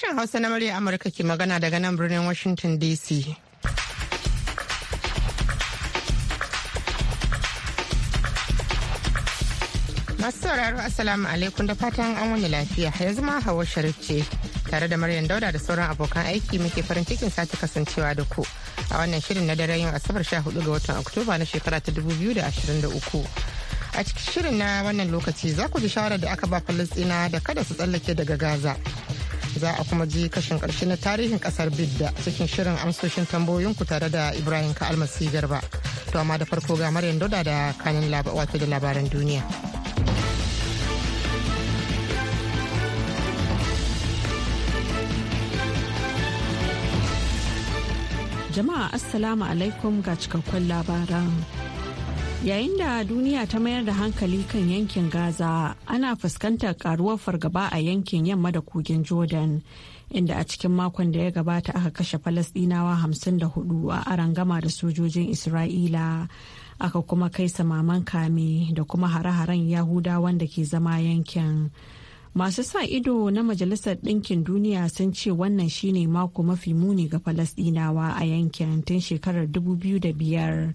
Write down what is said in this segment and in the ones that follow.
Sashen Hausa na murya Amurka ke magana daga nan birnin Washington DC. Masu sauraro asalamu alaikum da fatan an wani lafiya yanzu ma Hawa Sharif ce tare da Maryam Dauda da sauran abokan aiki muke farin cikin sati kasancewa da ku a wannan shirin na daren yin Asabar sha hudu ga watan Oktoba na shekara ta dubu biyu da da 2023. A cikin shirin na wannan lokaci za ku ji shawarar da aka ba Falastina da kada su tsallake daga Gaza. za a kuma ji kashin karshe na tarihin kasar bidda cikin shirin amsoshin tambayoyinku tare da ibrahim ka almasi garba to amma da farko ga maryam doda da kanin wato da labaran duniya jama'a assalamu alaikum ga cikakkun labaran Yayin da duniya ta mayar da hankali kan yankin Gaza, ana fuskantar karuwar fargaba a yankin yamma da kogin Jordan, inda a cikin makon da ya gabata aka kashe Falasdinawa 54 a arangama da sojojin Isra'ila. Aka kuma kai samaman kame da kuma hare-haren Yahudawan da ke zama yankin. Masu sa ido na Majalisar Ɗinkin Duniya sun ce wannan shine mako mafi muni ga Falasdinawa a yankin tun shekarar 2005.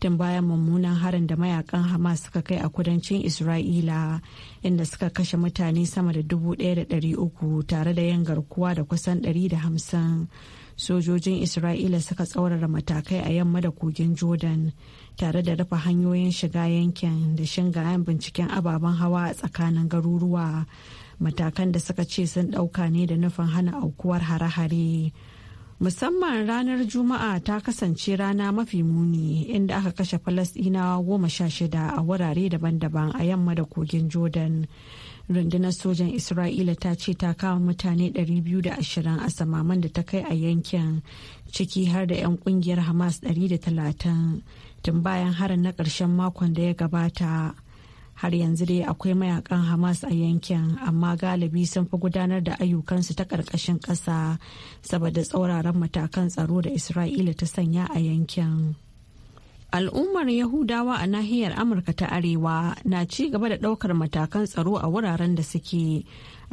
tun bayan mummunan harin da mayakan hamas suka kai a kudancin isra'ila inda suka kashe mutane sama da 1,300 tare da yin garkuwa da kusan 150 sojojin isra'ila suka tsaurara matakai a yamma da kogin jordan tare da rufe hanyoyin shiga yankin da shingayen binciken ababen hawa a tsakanin garuruwa matakan da suka ce sun ɗauka ne da nufin hana aukuwar hare-hare musamman ranar juma'a ta kasance rana mafi muni inda aka kashe falasdinawa goma sha shida a wurare daban-daban a yamma da kogin jordan rundunar sojan isra'ila ta ce ta kama mutane 220 a samaman da ta kai a yankin ciki har da 'yan kungiyar hamas 130 tun bayan harin na karshen makon da ya gabata har yanzu dai akwai mayakan hamas a yankin amma galibi sun fi gudanar da ayyukansu ta ƙarƙashin ƙasa saboda tsauraran matakan tsaro da isra'ila ta sanya a yankin al'ummar yahudawa a nahiyar amurka ta arewa na ci gaba da ɗaukar matakan tsaro a wuraren da suke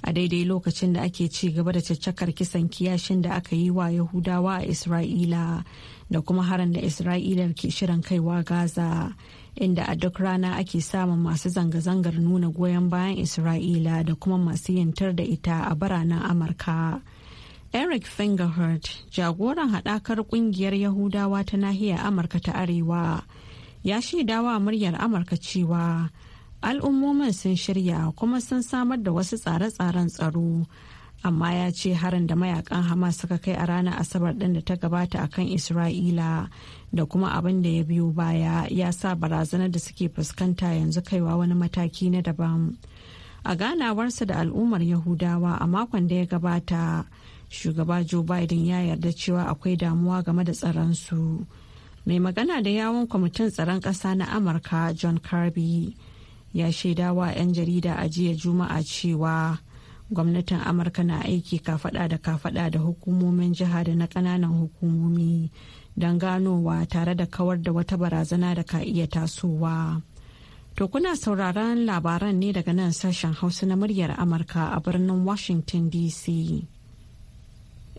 a daidai lokacin da ake ci gaba da caccakar kisan kiyashin da aka yi wa yahudawa a isra'ila da kuma haran da isra'ila ke shirin kaiwa gaza inda a duk rana ake samun masu zanga-zangar nuna goyon bayan isra'ila da kuma masu yantar da ita a baranen amurka eric fingerhurt jagoran haɗakar ƙungiyar yahudawa ta nahiyar amurka ta arewa ya shaidawa muryar amurka cewa al'ummomin sun shirya kuma sun samar da wasu tsare-tsaren tsaro amma ya ce harin da mayakan hamas suka kai a ranar asabar din da ta gabata akan isra'ila da kuma abin da ya biyo baya ya sa barazanar da suke fuskanta yanzu kaiwa wani mataki na daban a ganawarsa da al'ummar yahudawa a makon da ya gabata shugaba joe biden ya yarda cewa akwai damuwa game da tsaronsu mai magana da yawon kwamitin tsaron ƙasa na amurka john carby ya wa 'yan jarida a jiya juma'a cewa gwamnatin amurka na aiki kafada da kafada da hukumomin jiha da na kananan hukumomi don ganowa tare da kawar da wata barazana da ka iya tasowa to kuna sauraron labaran ne daga nan sashen hausa na muryar amurka a birnin washington dc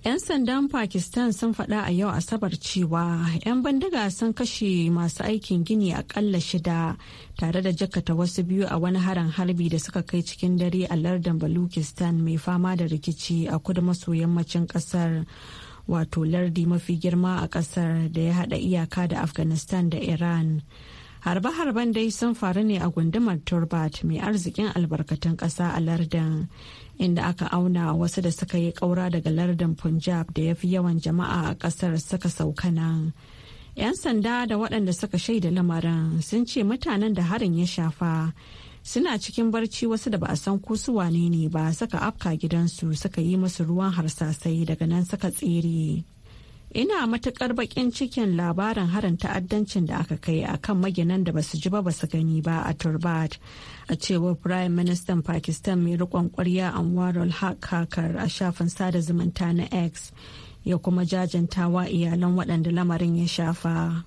'Yan sandan Pakistan sun faɗa a yau Asabar cewa 'yan bandiga sun kashe masu aikin gini akalla shida tare da jakata wasu biyu a wani harin harbi da suka kai cikin dare a lardin balukistan mai fama da rikici a kudu maso yammacin ƙasar wato lardi mafi girma a ƙasar da ya haɗa iyaka da Afghanistan da Iran. harbe-harben dai sun faru ne a gundumar turbat mai arzikin albarkatun ƙasa a lardin inda aka auna wasu da suka yi ƙaura daga lardin punjab da ya fi yawan jama'a a ƙasar suka sauka nan 'yan sanda da waɗanda suka shaida lamarin sun ce mutanen da harin ya shafa suna cikin barci wasu da ba a san ko su wane ne ba suka afka gidansu suka yi musu ruwan harsasai daga nan suka tsere. ina matukar bakin cikin labarin harin ta'addancin da aka kai a kan maginan da basu ji ba basu gani ba a turbat a cewar prime minister pakistan mai rikon kwarya anwarul haq kakar a shafin sada zumunta na x ya kuma jajantawa iyalan waɗanda lamarin ya shafa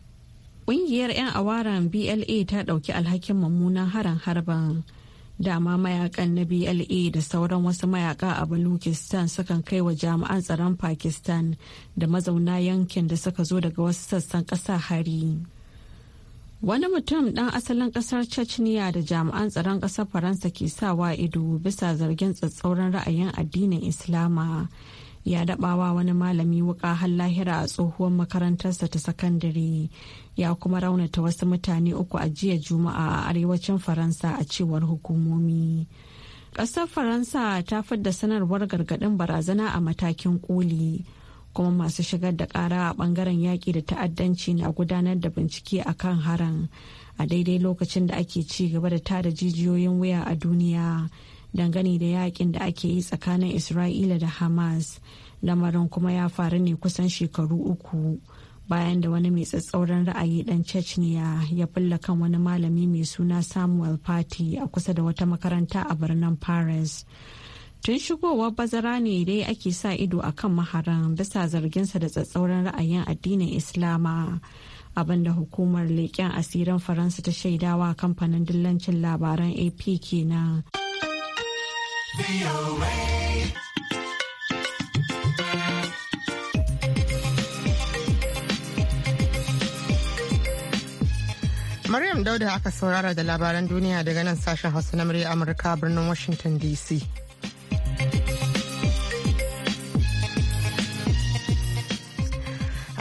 ƙungiyar 'yan awaran bla ta ɗauki alhakin mummunan harin harban dama mayakan na BLA da sauran wasu mayaka a Balukistan sukan kai wa jami'an tsaron Pakistan da mazauna yankin da suka zo daga wasu sassan kasa hari. Wani mutum ɗan asalin ƙasar Chechnya da jami'an tsaron ƙasar Faransa ke sawa ido bisa zargin tsatsauran ra'ayin addinin Islama ya dabawa wani malami wuka har lahira a tsohuwar makarantarsa ta sakandare ya kuma raunata wasu mutane uku a jiya juma'a a arewacin faransa a cewar hukumomi ƙasar faransa ta fidda sanarwar gargaɗin barazana a matakin koli kuma masu shigar da ƙara a ɓangaren yaƙi da ta'addanci na gudanar da bincike a kan haran a daidai lokacin da ake ci gaba da tada jijiyoyin wuya a duniya dangane da yakin da ake yi tsakanin isra'ila da hamas lamarin kuma ya faru ne kusan shekaru uku bayan da wani mai tsatsauran ra'ayi dan chechnya ya fulla kan wani malami mai suna samuel party a kusa da wata makaranta a birnin paris tun shigowar bazara ne dai ake sa ido a kan maharan bisa zarginsa da tsatsauran ra'ayin addinin islama abinda hukumar leƙen asirin faransa ta shaidawa kamfanin dillancin labaran ap kenan. Maryam Dauda aka saurara da labaran duniya daga nan sashen Hausa na murya Amurka birnin Washington DC.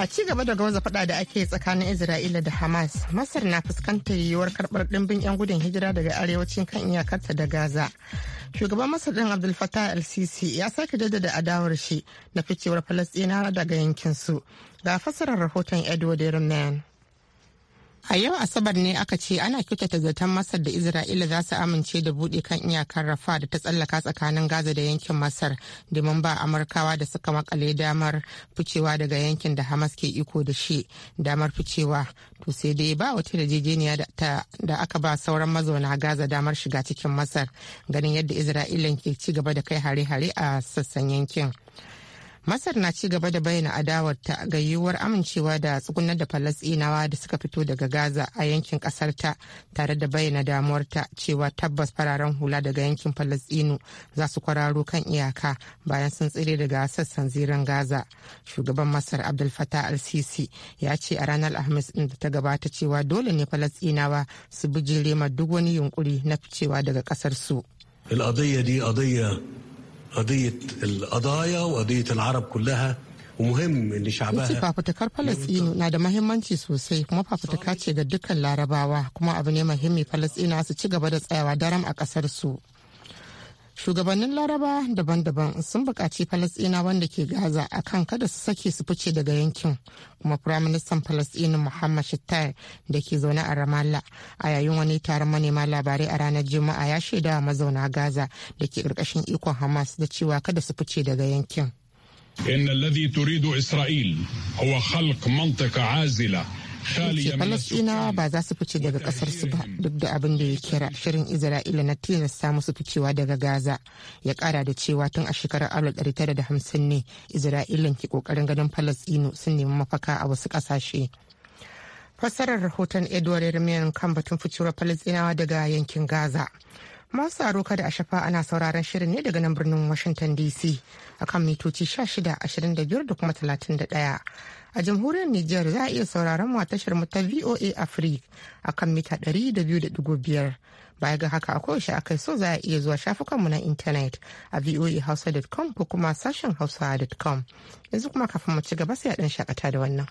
A ci gaba da gauza fada da ake tsakanin Isra'ila da Hamas, Masar na fuskantar yiwuwar karɓar ɗimbin 'yan gudun hijira daga arewacin kan iyakarta da Gaza. Shugaban Masar din Abdul Fattah al-Sisi ya sake jaddada adawar shi na ficewar Falasɗinawa daga yankinsu. Ga fassarar rahoton Edward Yerman. A yau Asabar ne aka ce ana kyautata zaton Masar da Isra'ila za su amince da buɗe kan iyakar Rafa da ta tsallaka tsakanin Gaza da yankin Masar domin ba Amurkawa da suka makale damar ficewa daga yankin da Hamas ke iko da shi damar ficewa to sai dai ba wata yarjejeniya da aka ba sauran mazauna Gaza damar shiga cikin Masar ganin yadda Isra'ila ke ci gaba da kai hare-hare a sassan yankin. Masar na ci gaba da bayyana adawarta ga yiwuwar amincewa da tsugunar da Falasɗinawa da suka fito daga Gaza a yankin ƙasar ta tare da bayyana ta cewa tabbas fararen hula daga yankin Falasɗinu za su kwararo kan iyaka bayan sun tsire daga sassan ziran Gaza. Shugaban Masar Abdul Fattah al-Sisi ya ce a ranar Alhamis ɗin da ta gabata cewa dole ne Falasɗinawa su bijire ma duk wani yunkuri na ficewa daga ƙasar su. قضية القضايا وقضية العرب كلها ومهم ان شعبها yace fafutukar falastinu na da mahimmanci sosai kuma fafutuka ce ga dukkan larabawa kuma abu ne muhimmi falastinawa su ci gaba da tsayawa daren a kasar shugabannin laraba daban-daban sun buƙaci falasɗina wanda ke gaza a kan kada su sake su fice daga yankin kuma firaministan falasɗina muhammad shittar da ke zaune a ramallah a yayin wani taron manema labarai a ranar juma'a ya shaida mazauna gaza da ke ƙarƙashin ikon hamas da cewa kada su fice daga yankin إن الذي تريد إسرائيل هو خلق منطقة عازلة ce ba za su fice daga kasar su ba duk da abin da ya kira shirin isra'ila na tilasta musu ficewa daga gaza ya ƙara da cewa tun a shekarar 1950 ne isra'ilan ke ƙoƙarin ganin falasɗinu sun nemi mafaka a wasu ƙasashe fasarar rahoton edward irmian kan batun ficewar falasɗinawa daga yankin gaza masu aro kada a shafa ana sauraron shirin ne daga nan birnin washington dc akan mitoci 16 25 da kuma 31 a jamhuriyar Nijar za a iya sauraron mu tashar mu ta VOA Africa a kan mita 200.5 baya ga haka a kowace akai so za a iya zuwa shafukanmu na intanet a voahausa.com ko kuma sashen hausa.com yanzu kuma kafin mu ci gaba sai a dan shakata da wannan.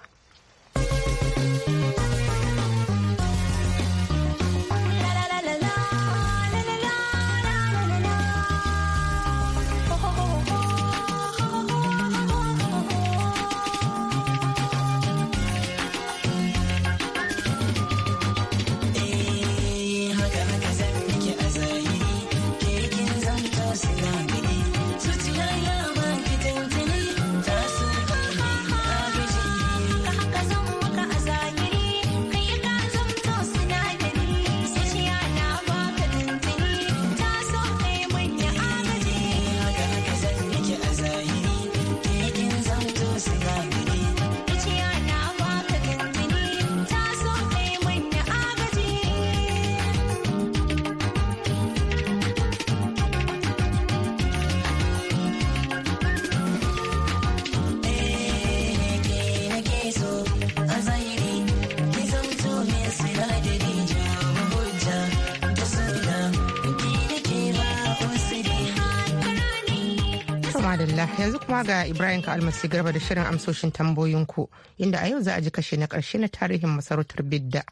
Alhamdulillah yanzu kuma ga Ibrahim ka almasi garba da shirin amsoshin tambayoyinku inda a yau za a ji kashe na karshe na tarihin masarautar bidda.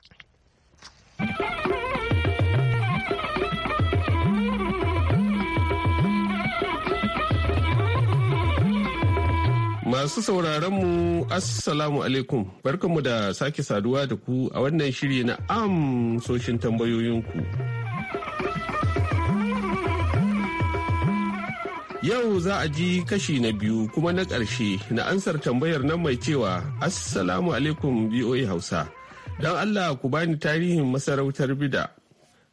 Masu sauraronmu Assalamu alaikum barkanmu da sake saduwa da ku a wannan shiri na amsoshin tambayoyinku. Yau za a ji kashi na biyu kuma na ƙarshe na ansar tambayar nan mai cewa Assalamu alaikum BOA Hausa. Don Allah ku bani tarihin masarautar Bida.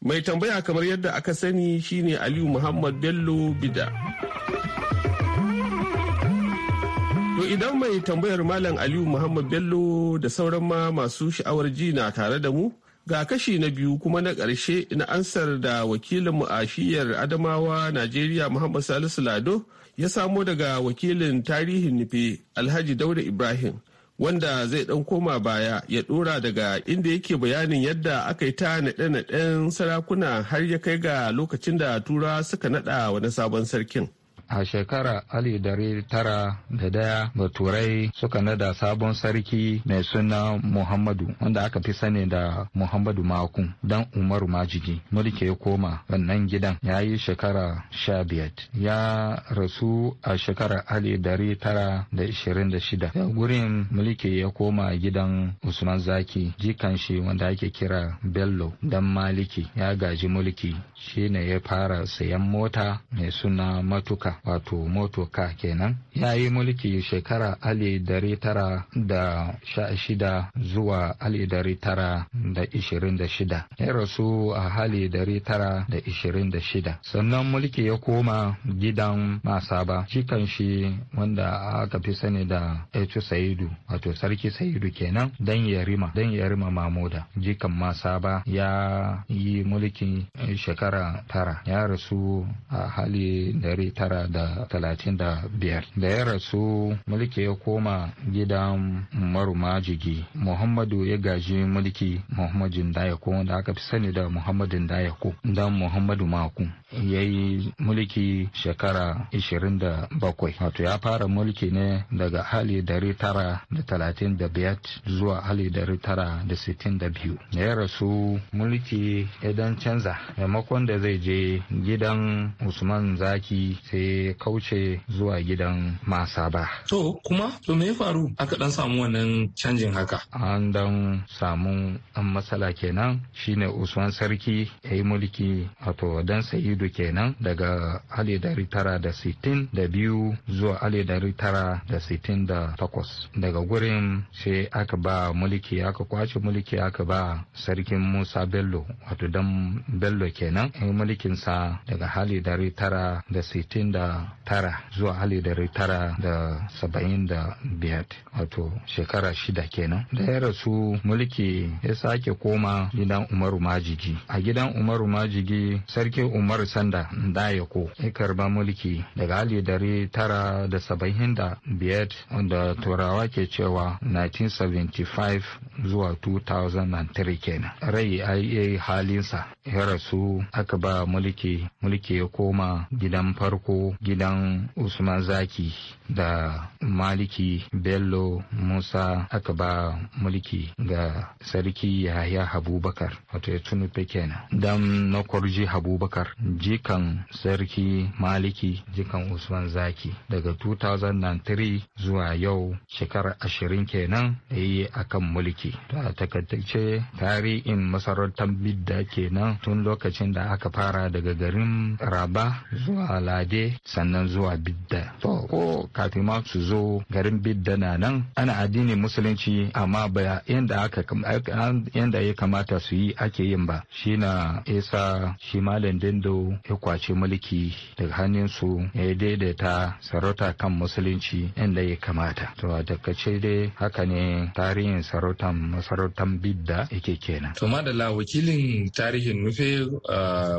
Mai tambaya kamar yadda aka sani shine Aliyu Muhammad Bello Bida. To idan mai tambayar Malam Aliyu Muhammad Bello da sauran ma masu sha'awar ji na tare da mu, Ga kashi na biyu kuma na ƙarshe na ansar da wakilin a Adamawa Najeriya Muhammad Salisu Lado ya samo daga wakilin tarihin nufe Alhaji daura Ibrahim wanda zai ɗan koma baya ya ɗora daga inda yake bayanin yadda aka yi ta naɗe-naɗen sarakuna har ya kai ga lokacin da tura suka naɗa wani sabon sarkin. a shekara ali dari tara da daya baturai suka nada sabon sarki mai suna muhammadu wanda aka fi sani da muhammadu maku. dan umaru majigi mulki ya koma wannan gidan ya yi shekara sha biyar ya rasu a shekara ali dari tara da ishirin da shida gurin mulki ya koma gidan usman zaki jikan shi wanda ake kira bello dan maliki ya gaji mulki shine ya fara sayan mota mai suna matuka wato motoka kenan ya yi mulki shekara ali dari tara da sha shida zuwa ali dari tara da ishirin da shida ya rasu a hali dari tara da ishirin da shida sannan mulki ya koma gidan masaba cikan shi wanda aka fi sani da etu saidu wato sarki saidu kenan dan yarima dan yarima mamoda jikan masaba ya yi mulki shekara tara ya rasu a hali dari tara da talatin da biyar da ya rasu mulki ya koma gidan maruma majigi muhammadu ya gaji mulki muhammadin dayako wanda aka fi sani da muhammadin dayako dan muhammadu maku ya yi mulki shekara 27 wato ya fara mulki ne daga hali dari tara da talatin da biyat zuwa hali dari tara da sittin da biyu ya rasu mulki idan canza maimakon da zai je gidan usman zaki sai kauce zuwa gidan masa ba to kuma to me ya faru aka dan samu wannan canjin haka an dan samu an matsala kenan shine usman sarki ya yi mulki wato dan sayidu kenan daga ali dari tara da sittin da biyu zuwa ali dari tara da sittin da takwas daga gurin sai aka ba mulki aka kwace mulki aka ba sarkin musa bello wato dan bello kenan yi mulkinsa daga hali dari tara da sittin da tara zuwa hali dari tara da saba'in da biyar wato shekara shida kenan da ya rasu mulki ya sake koma gidan umaru majigi a gidan umaru majigi sarkin umaru. sanda da ya ko. karba mulki daga ali dari tara da saba'in da biyar da turawa ke cewa 1975 zuwa 2003 kenan rai a yi halinsa ya rasu aka ba mulki mulki ya koma gidan farko gidan usman zaki da maliki bello musa aka ba mulki ga sarki yahya habubakar wato ya tunufe kenan dan na kwarji habubakar jikan sarki maliki jikan usman zaki daga 2003 zuwa yau shekarar ashirin kenan da yi a kan mulki da takaitace tarihin masarautar bidda kenan tun lokacin da aka fara daga garin raba zuwa lade sannan zuwa bidda to ko kafin ma su zo garin bidda na nan ana addinin musulunci amma ba yadda aka ya kamata su yi ake yin ba shi na isa shi malin dindo ya kwace mulki daga hannunsu ya daidaita sarauta kan musulunci inda ya kamata to a takaice dai haka ne tarihin sarautan masarautan bidda yake kenan to madalla wakilin tarihin nufe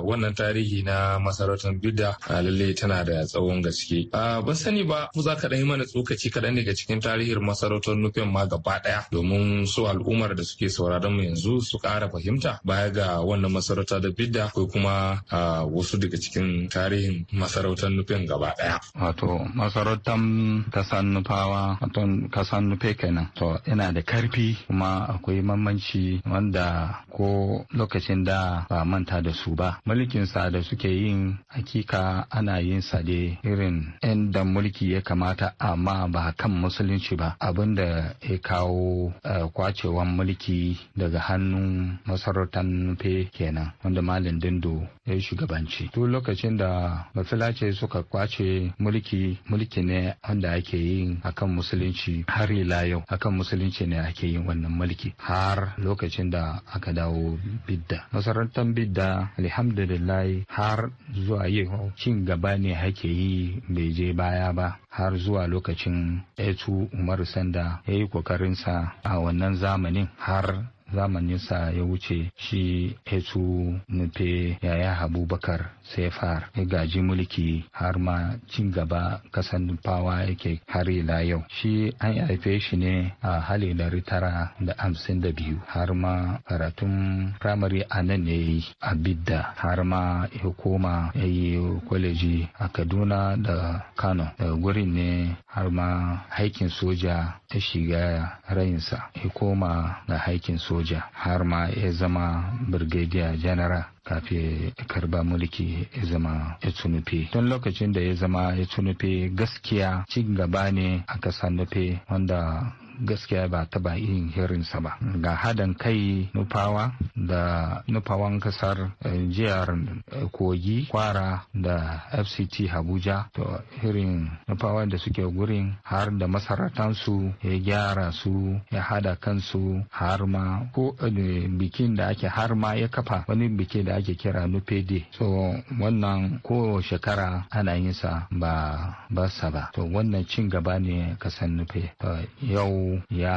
wannan tarihi na masarautar bidda a lalle tana da tsawon gaske ban sani ba ku za ka ɗan mana tsokaci kaɗan daga cikin tarihin masarautar nufen ma gaba ɗaya domin su al'ummar da suke sauraron mu yanzu su ƙara fahimta baya ga wannan masarauta da bidda ko kuma wasu daga cikin tarihin masarautar nufin gaba ɗaya. Wato masarautar kasan nufawa wato kasan nufe kenan. To yana da karfi kuma akwai mamanci wanda ko lokacin da ba manta da su ba. Mulkinsa da suke yin hakika ana yin sa da irin da mulki ya kamata amma ba kan musulunci ba abin da ya kawo eh, kwacewan mulki daga hannun masarautar nufe kenan wanda malin dindo ya shugaban musulunci lokacin da mafilace suka kwace mulki mulki ne wanda ake yin akan musulunci har ila yau akan musulunci ne ake yin wannan mulki har lokacin da aka dawo bidda masarautar bidda alhamdulillah har zuwa yau cin gaba ne ake yi bai je baya ba har zuwa lokacin etu umaru sanda ya yi kokarinsa a wannan zamanin har zamaninsa ya wuce shi ya nufe yaya abubakar Sai far ya gaji mulki har ma cin gaba kasan fawa yake har ila yau shi an haife shi ne a hali dari tara da hamsin da biyu har ma karatun firamare a nan ne yi a bidda har ma ya koma ya yi kwaleji a kaduna da kano da gurin ne har ma haikin soja ta shiga rayinsa ya koma da haikin soja har ma ya zama brigadier general kafin karba mulki ya zama ya tunufe don lokacin da ya zama ya tunufe gaskiya cin gaba ne a kasa nufe wanda gaskiya ba taba yin hirinsa ba ga hadan kai nufawa da nufawan kasar eh, jihar eh, kogi kwara da fct abuja to hirin nufawa da suke gurin har da masarautansu ya gyara su ya hada kansu har ma ko eh, bikin da ake har ma ya kafa wani biki da ake kira nupe-de so wannan ko shekara ana yin sa ba ba sa ba to wannan cin gaba ne kasan nufe yau ya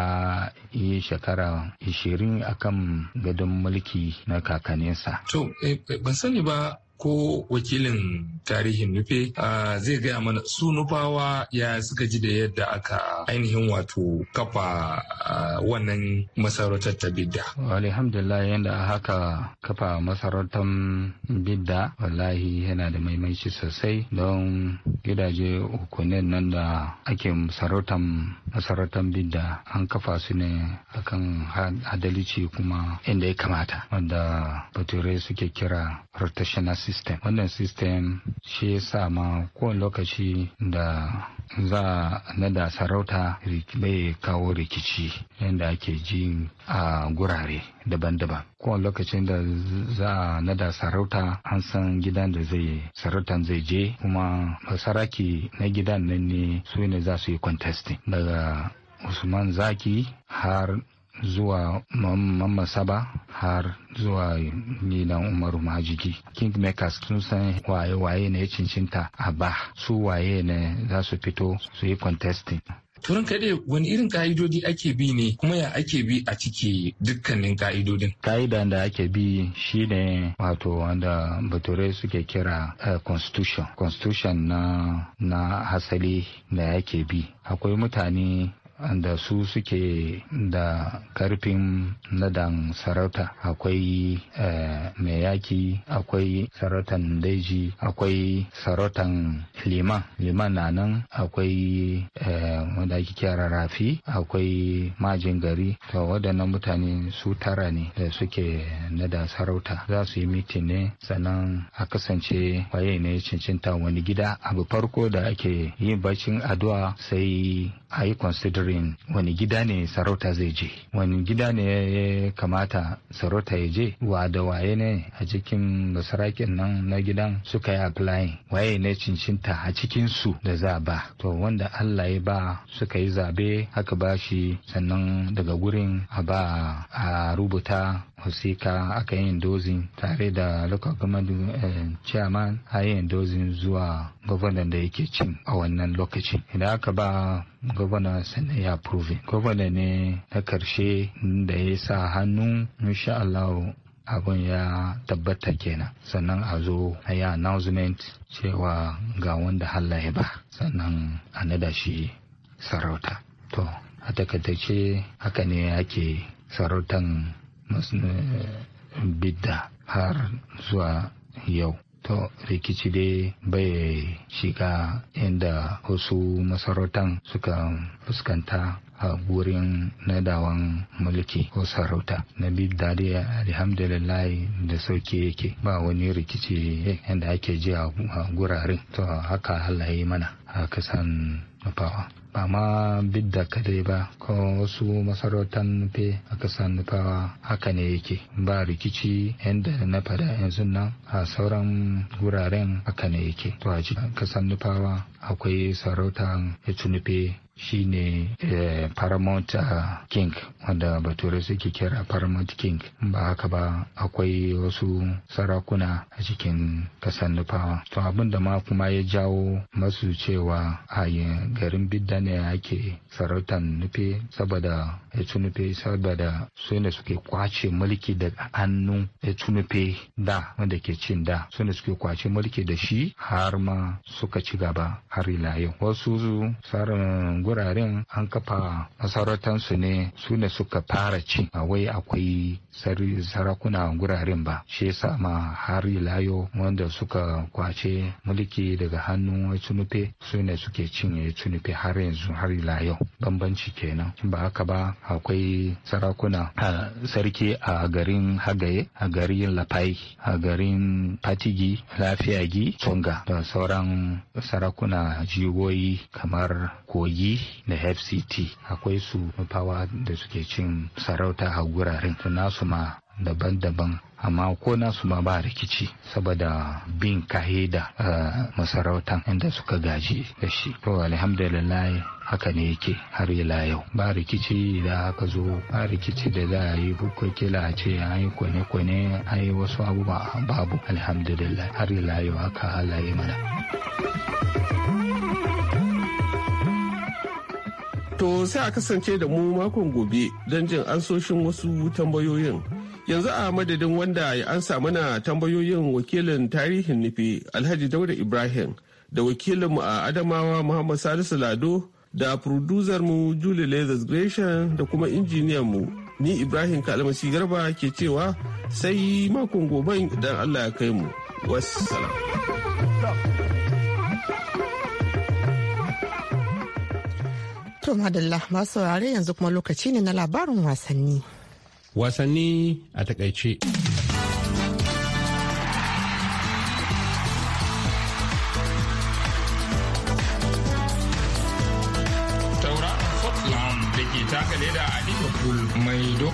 yi shekara 20 akan gadon mulki na kakaninsa. To, eh, ban sani ba ko wakilin tarihin nufe zai gaya mana su nufawa ya suka ji da yadda aka ainihin wato kafa wannan masarautar ta bidda. alhamdulillah yadda haka kafa masarautar bidda wallahi yana da maimaici sosai don gidaje hukunin nan da ake masarautar bidda an kafa su ne akan adalci kuma inda ya kamata wanda Bature suke kira rotational system wannan system shi yasa ma kowane lokaci da za na da sarauta bai kawo rikici yadda ake ji a gurare daban-daban kowane lokaci da za na da sarauta an san gidan da zai sarautan zai je kuma masaraki na gidan nan ne su ne za su yi contesting daga usman zaki har zuwa mamman saba har zuwa nilan umaru majigi kingmakers sun san waye-waye ne cincinta a ba su waye ne za su fito su yi contesting turin kaɗai wani irin ka'idodi ake bi ne kuma ya ake bi a ciki dukkanin ka'idodin ka'ida da ake bi shine wato wanda bature suke kira eh, constitution constitution na na asali da yake bi akwai mutane da su suke da karfin nadan sarauta akwai eh, mai yaki akwai sarautan daji akwai sarautan liman liman na nan akwai eh, wanda ake kira rafi akwai majin gari to waɗannan mutane su tara ne da suke nada sarauta za su yi mitin ne sannan a kasance waye ne cincinta wani gida abu farko da ake yin bacin addu'a sai a yi considering wani gida ne sarauta zai je wani gida ne ya kamata sarauta ya je wa da waye ne a cikin basarakin nan na gidan suka yi applying waye ne cincinta a cikin su da za ba to wanda Allah ya ba suka yi zabe haka ba shi sannan daga gurin a ba a rubuta hosika aka yi dozin tare da local government eh, chairman a yi dozin zuwa gwamnan da yake cin a wannan lokacin idan aka ba gwamna sannan ya prove gwamna ne na karshe da ya sa hannu insha Allah abin ya tabbata kenan sannan a zo a yi announcement cewa ga wanda halla ya ba sannan a nada shi sarauta to a takaitace haka ne ake sarautan eh, bidda har zuwa yau to rikici dai bai shiga inda wasu masarautan suka fuskanta a gurin nadawan mulki ko sarauta na dadi alhamdulillah da sauki yake ba wani rikici yadda ake ji a gurare to haka halaye mana a kasan nufawa ba ma bidda kadai ba ko wasu masarautan nufe a ƙasar nufawa haka ne yake ba rikici yadda na fada yanzu nan a sauran wuraren haka ne yake to a ƙasar nufawa akwai sarautan ya nufe shine eh, paramount ah, king wanda bature suke kira paramount king ba haka ba akwai wasu sarakuna a cikin kasar nufawa to abinda ma kuma ya jawo masu cewa a garin bidda ne ake sarautan nufe saboda Etunufe saboda su ne suke kwace mulki daga hannun Etunufe da wanda ke cin da su ne suke kwace mulki da shi har ma suka ci gaba har ila yau. Wasu tsarin guraren an kafa masarautansu ne su suka fara ci a wai akwai sarakuna guraren ba shi yasa ma har yau wanda suka kwace mulki daga hannun tunufe su ne suke ya tunufe har yanzu har ila yau bambanci kenan ba haka ba akwai sarakuna a sarki a garin hagaye a garin lafai a garin fatigi lafiyagi tsonga da sauran sarakuna jigoyi kamar kogi da fct akwai su mafawa da suke cin sarauta a guraren su nasu ma daban-daban amma ko nasu ma ba rikici saboda bin da eh, masarautan inda suka gaji da shi to alhamdulillah haka ne yake har yi yau ba rikici da aka zo ba rikici da za a yi kila a ce an yi kone-kone an yi wasu abubuwa babu alhamdulillah har yi yau haka Allah ya mana To sai a kasance da mu makon gobe don jin ansoshin wasu tambayoyin. yanzu a madadin wanda ya samu na tambayoyin wakilin tarihin nufi alhaji dauda ibrahim da wakilinmu a adamawa muhammad salisu lado da mu julie lezers gresham da kuma injiniyan mu ni ibrahim kalmasi garba ke cewa sai makon gobe idan allah ya kai mu wassalam to madalla masu saurare yanzu kuma lokaci ne na labarin wasanni wasanni a takaice.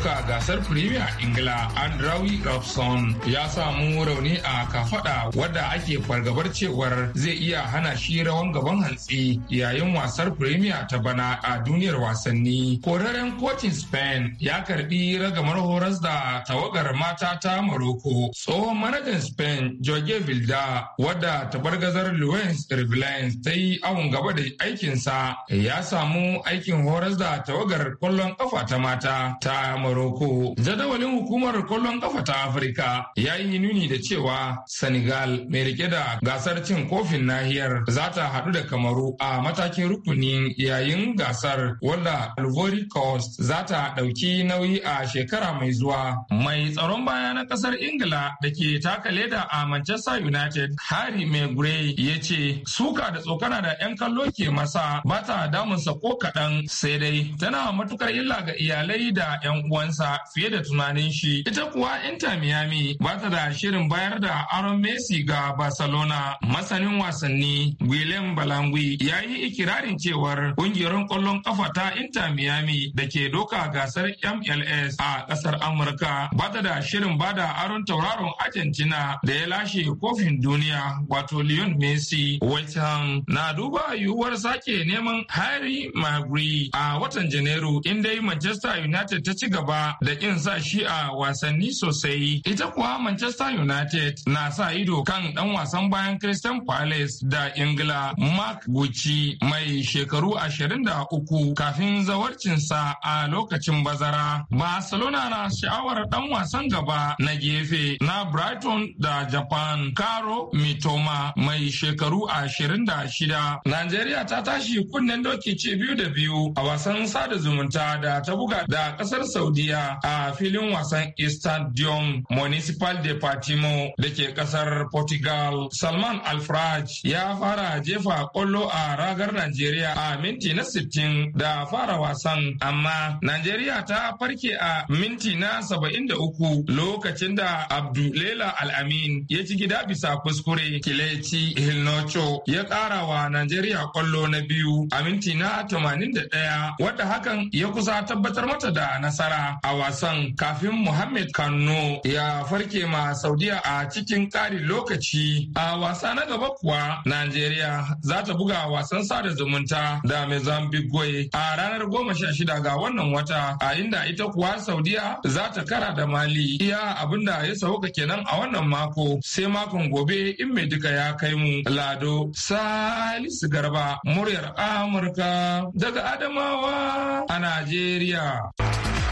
buga gasar Premier Ingila Andrawi Robson ya samu rauni a kafada wadda ake fargabar cewar zai iya hana shi rawan gaban hantsi yayin wasar Premier ta bana a duniyar wasanni. Koraren kotun Spain ya karbi ragamar horas da tawagar mata ta Morocco. Tsohon manajan Spain Jorge Vilda wadda tabargazar Luis Revelance ta yi awon gaba da aikinsa ya samu aikin horas da tawagar kwallon kafa ta mata ta Morocco. Morocco. Jadawalin hukumar kwallon kafa ta Afirka ya yi nuni da cewa Senegal mai rike da gasar cin kofin nahiyar za ta haɗu da Kamaru a matakin rukuni yayin gasar wanda Ivory Coast za ta ɗauki nauyi a shekara mai zuwa. Mai tsaron baya na ƙasar Ingila da ke taka leda a Manchester United Harry Maguire ya ce suka da tsokana da 'yan kallo ke masa ba ta damunsa ko kaɗan sai dai tana matukar illa ga iyalai da 'yan uwan gabansa fiye da tunanin shi. Ita kuwa Inter Miami ba ta da shirin bayar da aron Messi ga Barcelona. Masanin wasanni William Balangui ya yi ikirarin cewar ƙungiyar ƙwallon ƙafa ta Inter Miami da ke doka gasar MLS a ƙasar Amurka ba ta da shirin ba da aron tauraron Argentina da ya lashe kofin duniya wato Lionel Messi. West na duba yiwuwar sake neman Harry Maguire a watan Janairu inda Manchester United ta ci gaba ba da kin sa shi a wasanni sosai. Ita kuwa Manchester United na sa ido kan dan wasan bayan Christian Palace da Ingila Mark Gucci mai shekaru 23 kafin zawarcinsa a lokacin bazara. Barcelona na sha'awar dan wasan gaba na gefe na Brighton da Japan Karo Mitoma mai shekaru 26. Najeriya ta tashi kunnen doki ce biyu da biyu a wasan sada zumunta da ta buga da kasar Saudi iya a filin wasan Stadium Municipal de Patimo da ke kasar Portugal. Salman Alfraj ya fara jefa kwallo a ragar Najeriya a minti na 60 da fara wasan amma Najeriya ta farke a minti na 73 lokacin da Abdulela Al-Amin ya ci gida bisa kuskure Kileci Hilnocho ya ƙara wa Najeriya kwallo na biyu a minti na 81 wadda hakan ya kusa tabbatar mata da nasara. a wasan kafin Muhammad Kano ya farke ma Saudiya a cikin ƙarin lokaci. A wasa na gaba kuwa Najeriya za ta buga wasan sada zumunta da Mozambique a ranar goma sha shida ga wannan wata a inda ita kuwa Saudiya za ta kara da Mali. Iya abinda ya sauka kenan a wannan mako sai makon gobe in mai duka ya kai mu Lado Salisu Garba muryar Amurka daga Adamawa a Najeriya.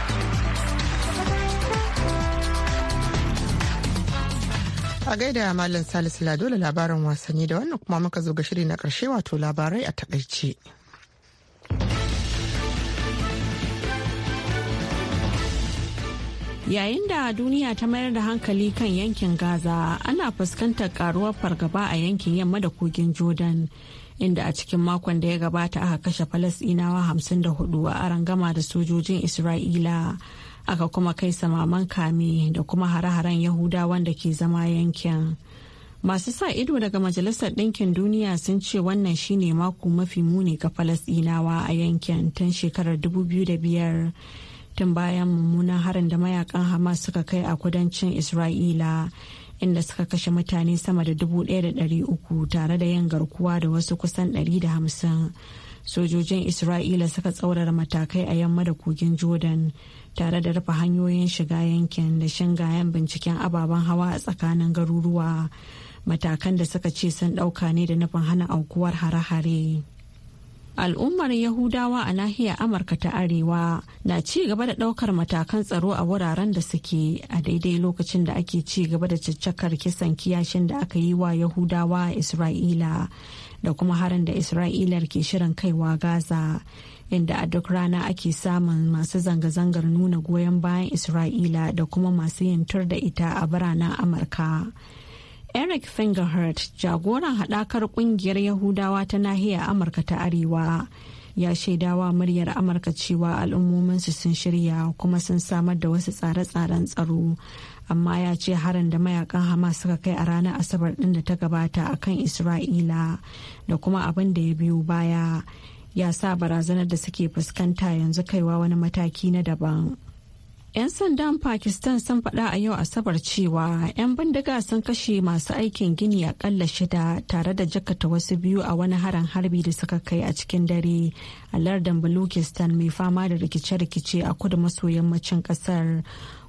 A gaida Malam Salisu Lado da labarin wasanni da wannan kuma muka zo ga shiri na karshe wato labarai a takaice. Yayin da duniya ta mayar da hankali kan yankin Gaza ana fuskantar karuwar fargaba a yankin yamma da kogin Jordan. Inda a cikin makon da ya gabata aka kashe Falasɗinawa 54 a arangama da sojojin Isra'ila. aka kuma kai samaman kame da kuma hare-haren yahuda wanda ke zama yankin masu sa ido daga majalisar ɗinkin duniya sun ce wannan shine mako mafi muni ga falasɗinawa a yankin tun shekarar 2005 tun bayan mummunan harin da mayakan hamas suka kai a kudancin isra'ila inda suka kashe mutane sama da 1,300 tare da yin garkuwa da wasu kusan 150 sojojin isra'ila suka tsaurara matakai a yamma da kogin jordan tare da rufe hanyoyin shiga yankin da shingayen binciken ababen hawa a tsakanin garuruwa matakan da suka ce sun ɗauka ne da nufin hana aukuwar hare-hare al'ummar yahudawa a nahiyar amurka ta arewa na ci gaba da ɗaukar matakan tsaro a wuraren da suke a daidai lokacin da ake ci gaba da caccakar kisan kiyashin da aka yi wa yahudawa a isra'ila da kuma harin da isra'ilar ke shirin kaiwa gaza inda a duk rana ake samun masu zanga-zangar nuna goyon bayan isra'ila da kuma masu yin tur da ita a biranen amurka eric fingerhurt jagoran haɗakar ƙungiyar yahudawa ta nahiyar amurka ta arewa ya shaidawa muryar amurka cewa al'ummominsu sun shirya kuma sun samar da wasu tsare-tsaren tsaro amma ya ce harin da mayakan hamas suka kai a ranar asabar din da ta gabata a kan isra'ila da kuma abin da ya biyo baya ya sa barazanar da suke fuskanta yanzu kaiwa wani mataki na daban 'yan sandan pakistan sun faɗa a yau asabar cewa 'yan bindiga sun kashe masu aikin gini akalla shida tare da jakata wasu biyu a wani harin harbi da suka kai a cikin dare a lardin balukistan mai fama da rikice-rikice a kudu maso yammacin kasar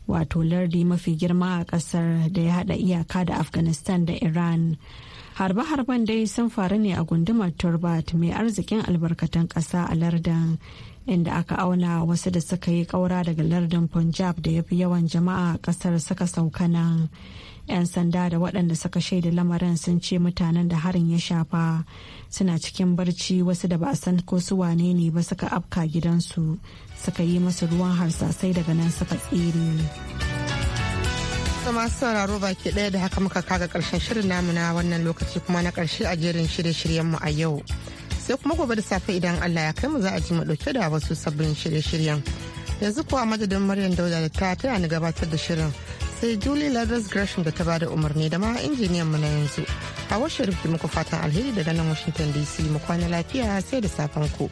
wato lardi mafi girma a kasar da ya hada iyaka da afghanistan da iran harbe-harben dai sun faru ne a gundumar turbat mai arzikin albarkatun kasa a lardin inda aka auna wasu da suka yi kaura daga lardin punjab da ya fi yawan jama'a a kasar suka sauka nan 'yan sanda da waɗanda suka shaida lamarin sun ce mutanen da harin ya shafa suna cikin barci wasu da ba a san ko su wane ne ba suka afka gidansu suka yi masu ruwan harsasai daga nan suka tsere masu sauraro baki ɗaya da haka muka kaga ƙarshen shirin namu na wannan lokaci kuma na ƙarshe a jerin shirye-shiryenmu a yau sai kuma gobe da safe idan allah ya kai mu za a ji mu ɗauke da wasu sabbin shirye-shiryen yanzu kuwa madadin maryam dauda da ta taya ni gabatar da shirin sai Julie ladras Gresham da ta bada umarni da ma injiniyan mu na yanzu. A washe rufi muku fatan alheri daga nan Washington DC mu kwana lafiya sai da safen ku.